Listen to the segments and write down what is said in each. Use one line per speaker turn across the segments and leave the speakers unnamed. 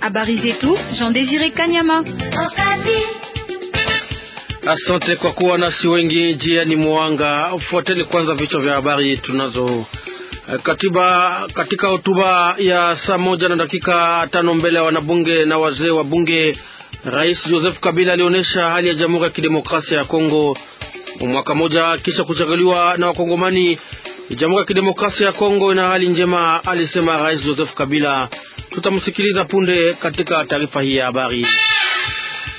Habari zetu Jean Desire Kanyama.
Asante kwa kuwa nasi wengi jia ni mwanga. Fuateni kwanza vichwa vya habari tunazo. Katiba katika hotuba ya saa moja na dakika tano mbele ya wanabunge na wazee wa bunge, Rais Joseph Kabila alionyesha hali ya Jamhuri ya Kidemokrasia ya Kongo mwaka moja kisha kuchaguliwa na Wakongomani Jamhuri ya Kidemokrasia ya Kongo ina hali njema, alisema Rais Joseph Kabila. Tutamsikiliza punde katika taarifa hii ya habari.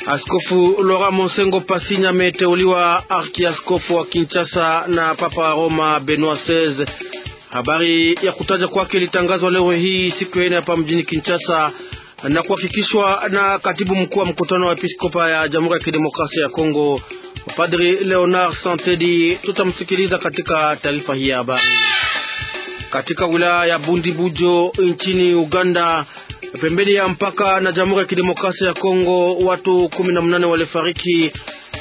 Askofu Lora Monsengo Pasinya ameteuliwa arkiaskofu wa Kinshasa na Papa wa Roma Benoit XVI. Habari ya kutaja kwake ilitangazwa leo hii siku ya ine hapa mjini Kinshasa na kuhakikishwa na katibu mkuu wa mkutano wa episkopa ya Jamhuri ya Kidemokrasia ya Kongo Padri Leonard Santedi tutamsikiliza katika taarifa hii ya habari. Katika wilaya ya Bundibujo nchini Uganda, pembeni ya mpaka na Jamhuri ya Kidemokrasia ya Kongo, watu kumi na walifariki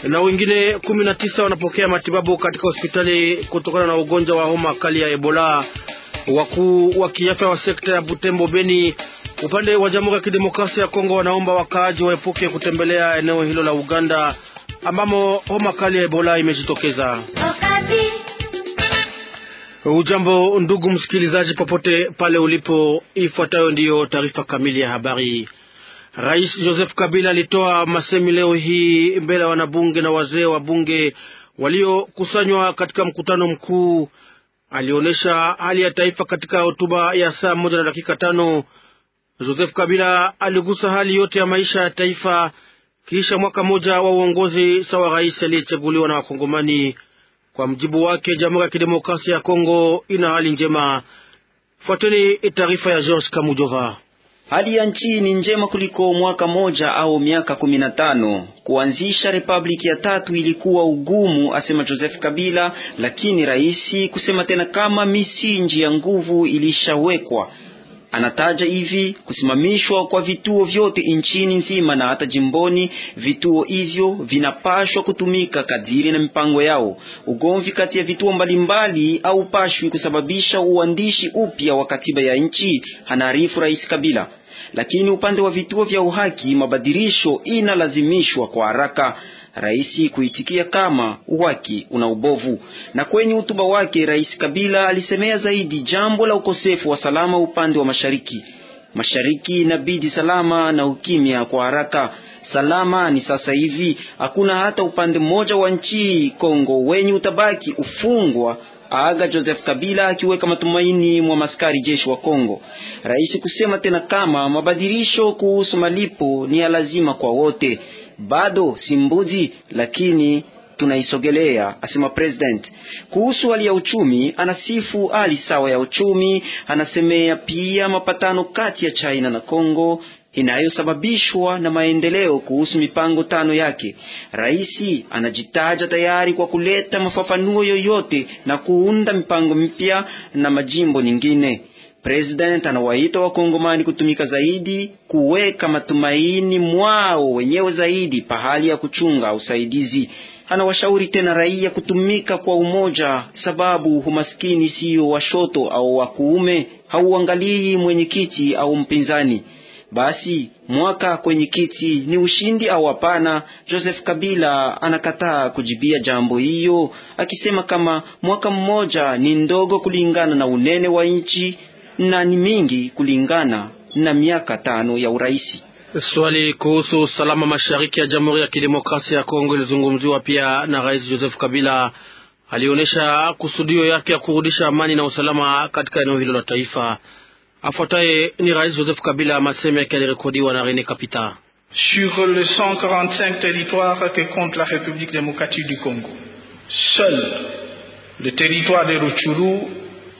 na wengine kumi na tisa wanapokea matibabu katika hospitali kutokana na ugonjwa wa homa kali ya Ebola. Wakuu wa kiafya wa sekta ya Butembo Beni upande wa Jamhuri ya Kidemokrasia ya Kongo wanaomba wakaaji waepuke kutembelea eneo hilo la Uganda ambamo homa kali ya Ebola imejitokeza. Ujambo ndugu msikilizaji, popote pale ulipo, ifuatayo ndiyo taarifa kamili ya habari. Rais Joseph Kabila alitoa masemi leo hii mbele ya wanabunge na wazee wa bunge waliokusanywa katika mkutano mkuu. Alionyesha hali ya taifa katika hotuba ya saa moja na dakika tano. Joseph Kabila aligusa hali yote ya maisha ya taifa kisha mwaka mmoja wa uongozi sawa rais aliyechaguliwa na Wakongomani. Kwa mjibu wake, Jamhuri ya Kidemokrasia ya Kongo ina hali njema. Fuateni taarifa ya George Kamujova.
Hali ya nchi ni njema kuliko mwaka moja au miaka kumi na tano. Kuanzisha republiki ya tatu ilikuwa ugumu, asema Joseph Kabila, lakini rahisi kusema tena kama misingi ya nguvu ilishawekwa. Anataja hivi kusimamishwa kwa vituo vyote nchini nzima na hata jimboni. Vituo hivyo vinapashwa kutumika kadiri na mipango yao. Ugomvi kati ya vituo mbalimbali au pashwi kusababisha uandishi upya wa katiba ya nchi, anaarifu Rais Kabila. Lakini upande wa vituo vya uhaki, mabadilisho inalazimishwa kwa haraka. Rais kuitikia kama uhaki una ubovu. Na kwenye hotuba wake Rais Kabila alisemea zaidi jambo la ukosefu wa salama upande wa mashariki. Mashariki inabidi salama na ukimya kwa haraka. Salama ni sasa hivi, hakuna hata upande mmoja wa nchi Kongo wenye utabaki ufungwa. Aga Joseph Kabila akiweka matumaini mwa maskari jeshi wa Kongo. Rais kusema tena kama mabadilisho kuhusu malipo ni ya lazima kwa wote. Bado si mbuzi, lakini tunaisogelea, asema president. Kuhusu hali ya uchumi, anasifu hali sawa ya uchumi, anasemea pia mapatano kati ya China na Kongo inayosababishwa na maendeleo kuhusu mipango tano yake. Rais anajitaja tayari kwa kuleta mafafanuo yoyote na kuunda mipango mpya na majimbo nyingine. President anawaita Wakongomani kutumika zaidi, kuweka matumaini mwao wenyewe zaidi pahali ya kuchunga usaidizi. Anawashauri tena raia kutumika kwa umoja, sababu umaskini siyo washoto au wakuume, hauangalii mwenyekiti au mpinzani. Basi mwaka kwenye kiti ni ushindi au hapana? Joseph Kabila anakataa kujibia jambo hiyo, akisema kama mwaka mmoja ni ndogo kulingana na unene wa nchi na ni mingi kulingana na miaka tano ya uraisi.
Swali kuhusu usalama mashariki ya Jamhuri ya Kidemokrasia ya Kongo ilizungumziwa pia na Rais Joseph Kabila. Alionyesha kusudio yake ya kurudisha amani na usalama katika eneo hilo la taifa. Afuataye ni Rais Joseph Kabila, maseme yake yalirekodiwa na Rene Kapita
sur le 145 territoires que compte la République démocratique du Congo. Seul le territoire de Rutshuru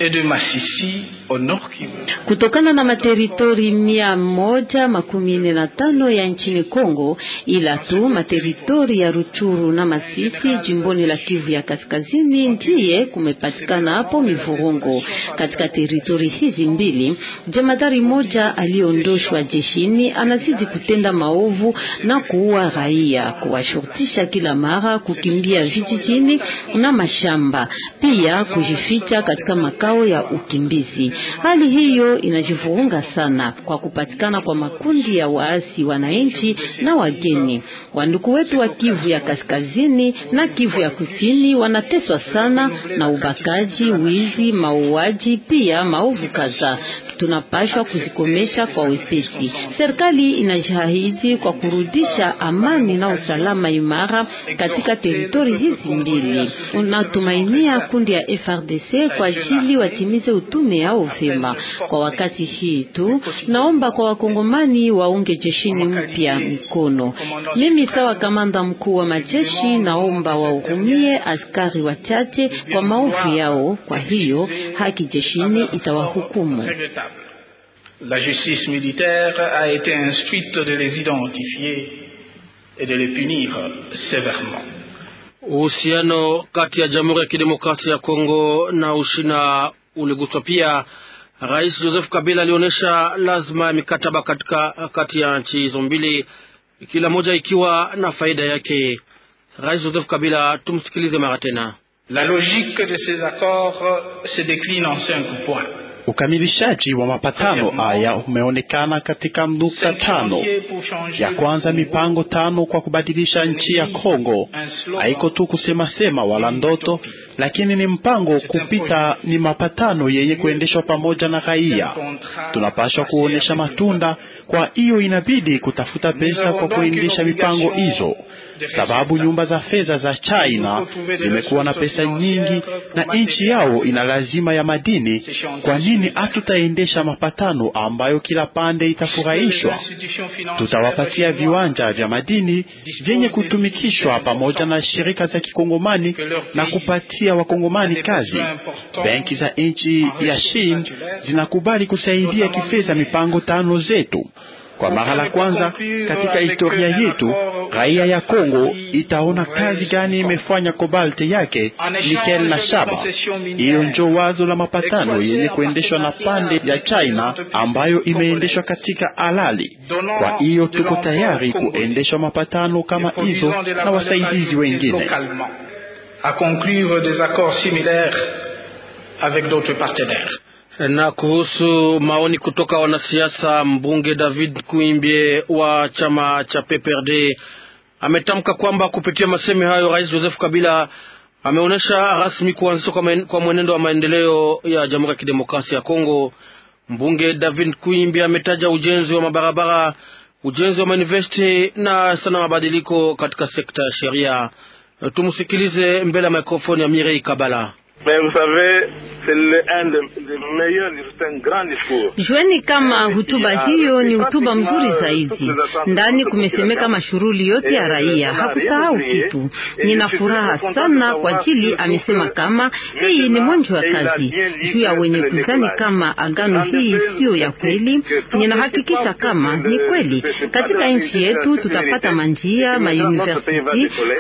et de Masisi Onoki.
Kutokana na materitori mia moja makumi nne na tano ya nchini Kongo, ila tu materitori ya Ruchuru na Masisi jimboni la Kivu ya Kaskazini ndiye kumepatikana hapo mivurungo. Katika teritori hizi mbili, jemadari moja aliondoshwa jeshini anazidi kutenda maovu na kuua raia, kuwashurutisha kila mara kukimbia vijijini na mashamba, pia kujificha katika makao ya ukimbizi. Hali hiyo inajivuunga sana kwa kupatikana kwa makundi ya waasi, wananchi na wageni. Wandugu wetu wa Kivu ya kaskazini na Kivu ya kusini wanateswa sana na ubakaji, wizi, mauaji, pia maovu kadhaa tunapashwa kuzikomesha kwa wepesi. Serikali inajihahidi kwa kurudisha amani na usalama imara katika teritori hizi mbili. Unatumainia kundi ya FRDC kwa ajili watimize utume yao uzima. Kwa wakati hii tu naomba kwa wakongomani waunge jeshini mpya mkono. Mimi sawa kamanda mkuu wa majeshi, naomba wahurumie askari wachache kwa maovu yao. Kwa hiyo haki jeshini itawahukumu.
La justice militaire a été instruite de les identifier et de les punir sévèrement.
Uhusiano kati ya Jamhuri ya Kidemokrasia ya Kongo na Ushina uliguswa pia. Rais Joseph Kabila alionyesha lazima ya mikataba katika kati ya nchi hizo mbili, kila moja ikiwa na faida
yake. Rais Joseph
Kabila, tumsikilize mara tena.
La logique de ces accords euh, se décline en cinq points Ukamilishaji wa mapatano haya umeonekana katika nukta tano. Ya kwanza, mipango tano kwa kubadilisha nchi ya Kongo haiko tu sema wala ndoto, lakini ni mpango kupita, ni mapatano yenye kuendeshwa pamoja na raia. Tunapaswa kuonesha matunda, kwa hiyo inabidi kutafuta pesa kwa kuendesha mipango hizo sababu nyumba za fedha za China zimekuwa na pesa nyingi na nchi yao ina lazima ya madini. Kwa nini hatutaendesha mapatano ambayo kila pande itafurahishwa? Tutawapatia viwanja vya madini vyenye kutumikishwa pamoja na shirika za kikongomani na kupatia wakongomani kazi. Benki za nchi ya Shin zinakubali kusaidia kifedha mipango tano zetu. Kwa mara la kwanza katika historia yetu Raia ya Kongo itaona kazi gani imefanya kobalte yake nikel na shaba. Hiyo njo wazo la mapatano yenye kuendeshwa na pande ya China ambayo imeendeshwa katika alali. Kwa hiyo tuko tayari kuendesha mapatano kama hizo na wasaidizi wengine a conclure des accords similaires avec d'autres partenaires.
Na kuhusu maoni kutoka wanasiasa, mbunge David Kuimbye wa chama cha PPRD ametamka kwamba kupitia masemi hayo Rais Joseph Kabila ameonyesha rasmi kuanzishwa kwa mwenendo wa maendeleo ya Jamhuri ya Kidemokrasia ya Kongo. Mbunge David Kuimbi ametaja ujenzi wa mabarabara, ujenzi wa manivesti na sana mabadiliko katika sekta ya sheria. Tumsikilize mbele ya mikrofoni ya Mirei Kabala.
Mais vous savez, c'est un des meilleurs, c'est un grand discours.
Jueni kama hutuba
hiyo ni hutuba mzuri zaidi. Ndani kumesemeka
mashuruli yote ya raia, hakusahau kitu. Nina furaha sana kwa ajili amesema kama hii ni mwanzo wa kazi juu ya wenye kuzani kama agano hii sio ya kweli. Ninahakikisha kama ni kweli, katika nchi yetu tutapata manjia ma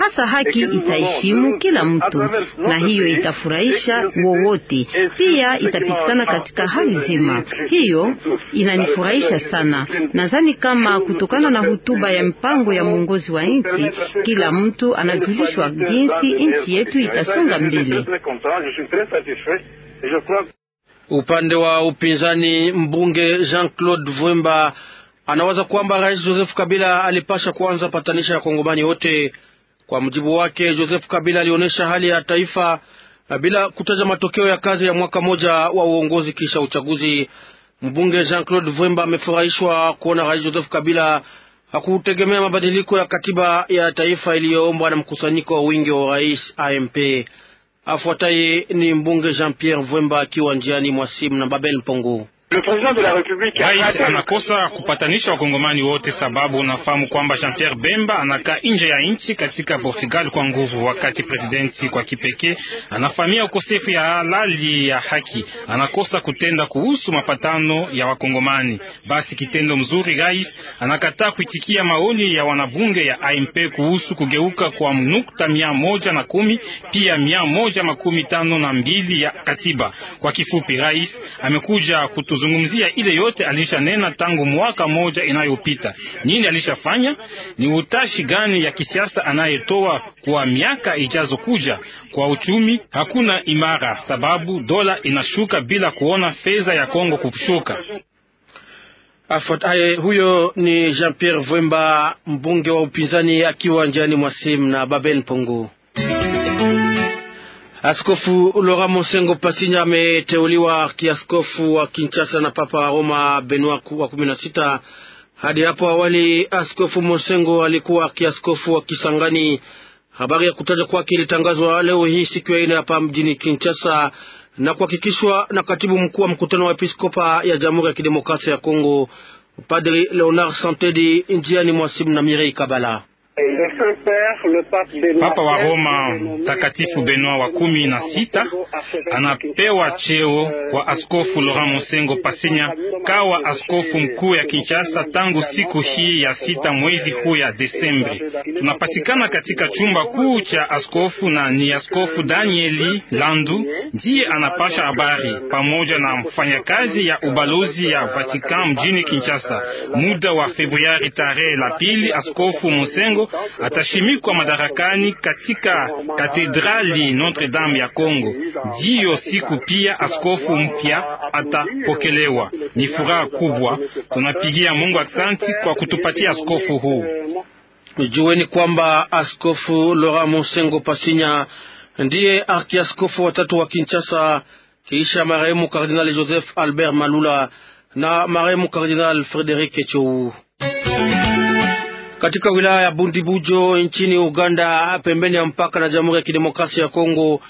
hasa haki itaheshimu kila mtu na hiyo itafurahi maisha wowote, pia itapitikana katika hali nzima. Hiyo inanifurahisha sana. Nadhani kama kutokana na hutuba ya mpango ya mwongozi wa nchi, kila mtu anajulishwa jinsi nchi yetu itasonga mbele.
Upande wa upinzani, mbunge Jean-Claude Vwemba anawaza kwamba Rais Joseph Kabila alipasha kuanza patanisha ya Kongomani wote. Kwa mujibu wake, Joseph Kabila alionyesha hali ya taifa Ah, bila kutaja matokeo ya kazi ya mwaka moja wa uongozi kisha uchaguzi. Mbunge Jean Claude Vwemba amefurahishwa kuona Rais Joseph Kabila hakutegemea mabadiliko ya katiba ya taifa iliyoombwa na mkusanyiko wa wingi wa rais AMP. Afuataye ni mbunge Jean Pierre Vwemba akiwa njiani mwa simu na Babel mpongu
Rais
anakosa kupatanisha wakongomani wote, sababu unafahamu kwamba Jean-Pierre Bemba anakaa nje ya nchi katika Portugal kwa nguvu, wakati presidenti kwa kipekee anafahamia ukosefu ya halali ya haki, anakosa kutenda kuhusu mapatano ya wakongomani. Basi kitendo mzuri, rais anakataa kuitikia maoni ya wanabunge ya AMP kuhusu kugeuka kwa nukta mia moja na kumi pia mia moja makumi tano na mbili ya katiba. Kwa kifupi, rais amekuja kutu kuzungumzia ile yote alishanena tangu mwaka moja inayopita. Nini alishafanya? Ni utashi gani ya kisiasa anayetoa kwa miaka ijazo kuja? Kwa uchumi hakuna imara, sababu dola inashuka bila kuona fedha ya Kongo kushuka.
Afuataye huyo ni Jean Pierre Vwemba, mbunge wa upinzani akiwa njiani mwa simu na Baben Pongo. Askofu lora Mosengo Pasinya ameteuliwa kiaskofu wa Kinshasa na Papa wa Roma Benua wa kumi na sita. Hadi hapo awali Askofu Mosengo alikuwa kiaskofu wa Kisangani. Habari ya kutaja kwake ilitangazwa leo hii siku ya ine hapa mjini Kinshasa na kuhakikishwa na katibu mkuu wa mkutano wa episkopa ya Jamhuri ya Kidemokrasia ya Kongo Padri Leonard Santedi njiani mwasimu na Mirei Kabala.
Papa wa Roma
Mtakatifu Benoit wa kumi na sita
anapewa cheo wa askofu Laurent Mosengo Pasenya kawa askofu mkuu ya Kinshasa tangu siku hii ya sita mwezi huu ya Desembri. Tunapatikana katika chumba kuu cha askofu na ni askofu Danieli Landu ndiye anapasha habari pamoja na mfanyakazi ya ubalozi ya Vatican mjini Kinshasa. Muda wa Februari tarehe la pili, askofu Mosengo atashimikwa madarakani katika katedrali Notre Dame ya Kongo. Ndiyo siku pia askofu mpya atapokelewa. Ni furaha kubwa,
tunapigia Mungu aksanti kwa kutupatia askofu huu. Jueni kwamba askofu Laurent Monsengo Pasinya ndiye arkiaskofu watatu wa Kinshasa kisha marehemu Kardinali Joseph Albert Malula na marehemu Kardinal Frederic Chou katika wilaya ya Bundibujo nchini Uganda, pembeni ya mpaka na Jamhuri ya Kidemokrasia ya Kongo.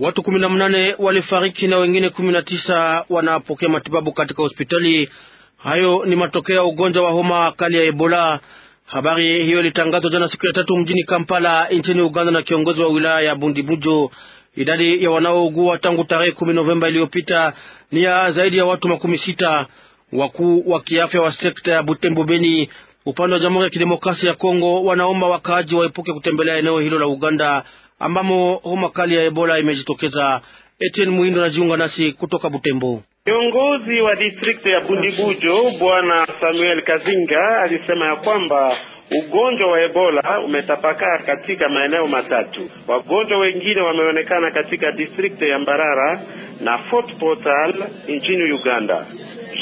Watu kumi na mnane walifariki na wengine kumi na tisa wanapokea matibabu katika hospitali. Hayo ni matokeo ya ugonjwa wa homa kali ya Ebola. Habari hiyo ilitangazwa jana siku ya tatu mjini Kampala nchini Uganda na kiongozi wa wilaya ya Bundibujo. Idadi ya wanaougua tangu tarehe kumi Novemba iliyopita ni ya zaidi ya watu makumi sita. Wakuu wa kiafya wa sekta ya Butembo Beni Upande wa Jamhuri ya Kidemokrasia ya Kongo wanaomba wakaaji waepuke kutembelea eneo hilo la Uganda ambamo homa kali ya Ebola imejitokeza. Etienne Muindo anajiunga nasi kutoka Butembo.
Kiongozi wa distrikti ya Bundibujo Bwana Samuel Kazinga alisema ya kwamba ugonjwa wa Ebola umetapakaa katika maeneo matatu. Wagonjwa wengine wameonekana katika distrikti ya Mbarara na Fort Portal nchini Uganda.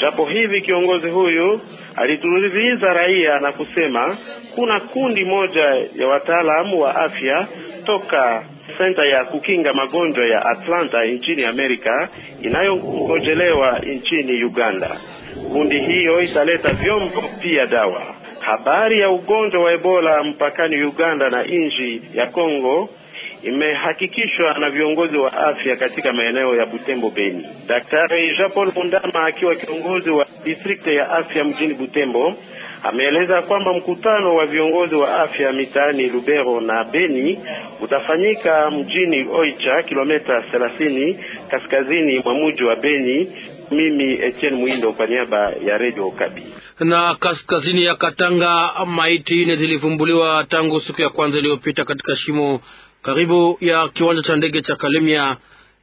Japo hivi kiongozi huyu alituuliza raia na kusema kuna kundi moja ya wataalamu wa afya toka senta ya kukinga magonjwa ya Atlanta nchini Amerika inayongojelewa nchini Uganda. Kundi hiyo italeta vyombo pia dawa. Habari ya ugonjwa wa Ebola mpakani Uganda na nchi ya Kongo imehakikishwa na viongozi wa afya katika maeneo ya Butembo Beni. Daktari Jean Paul Mundama akiwa kiongozi wa district ya afya mjini Butembo ameeleza kwamba mkutano wa viongozi wa afya mitaani Lubero na Beni utafanyika mjini Oicha, kilomita 30 kaskazini mwa mji wa Beni. Mimi Etienne Mwindo kwa niaba ya Radio Kabi.
Na kaskazini ya Katanga, maiti nne zilivumbuliwa tangu siku ya kwanza iliyopita katika shimo karibu ya kiwanja cha ndege cha Kalemia.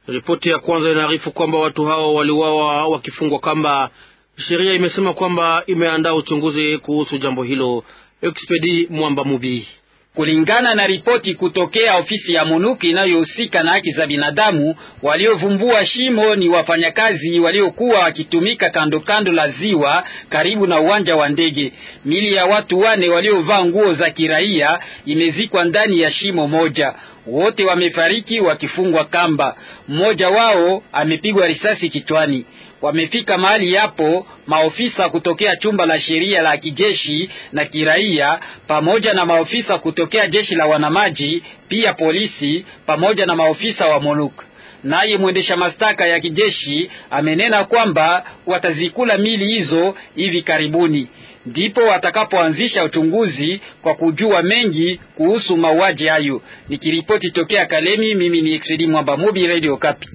Ripoti ya kwanza inaarifu kwamba watu hao waliuawa wakifungwa kamba. Sheria imesema kwamba imeandaa
uchunguzi kuhusu jambo hilo. Expedi Mwamba Mubi Kulingana na ripoti kutokea ofisi ya MONUC inayohusika na haki za binadamu, waliovumbua shimo ni wafanyakazi waliokuwa wakitumika kando kando la ziwa karibu na uwanja wa ndege. Mili ya watu wane waliovaa nguo za kiraia imezikwa ndani ya shimo moja. Wote wamefariki wakifungwa kamba. Mmoja wao amepigwa risasi kichwani. Wamefika mahali hapo maofisa kutokea chumba la sheria la kijeshi na kiraia pamoja na maofisa kutokea jeshi la wanamaji, pia polisi pamoja na maofisa wa MONUC. Naye mwendesha mashtaka ya kijeshi amenena kwamba watazikula mili hizo hivi karibuni, ndipo watakapoanzisha uchunguzi kwa kujua mengi kuhusu mauaji hayo. Nikiripoti tokea Kalemi, mimi ni Exedi Mwamba Mubi, Radio Kapi.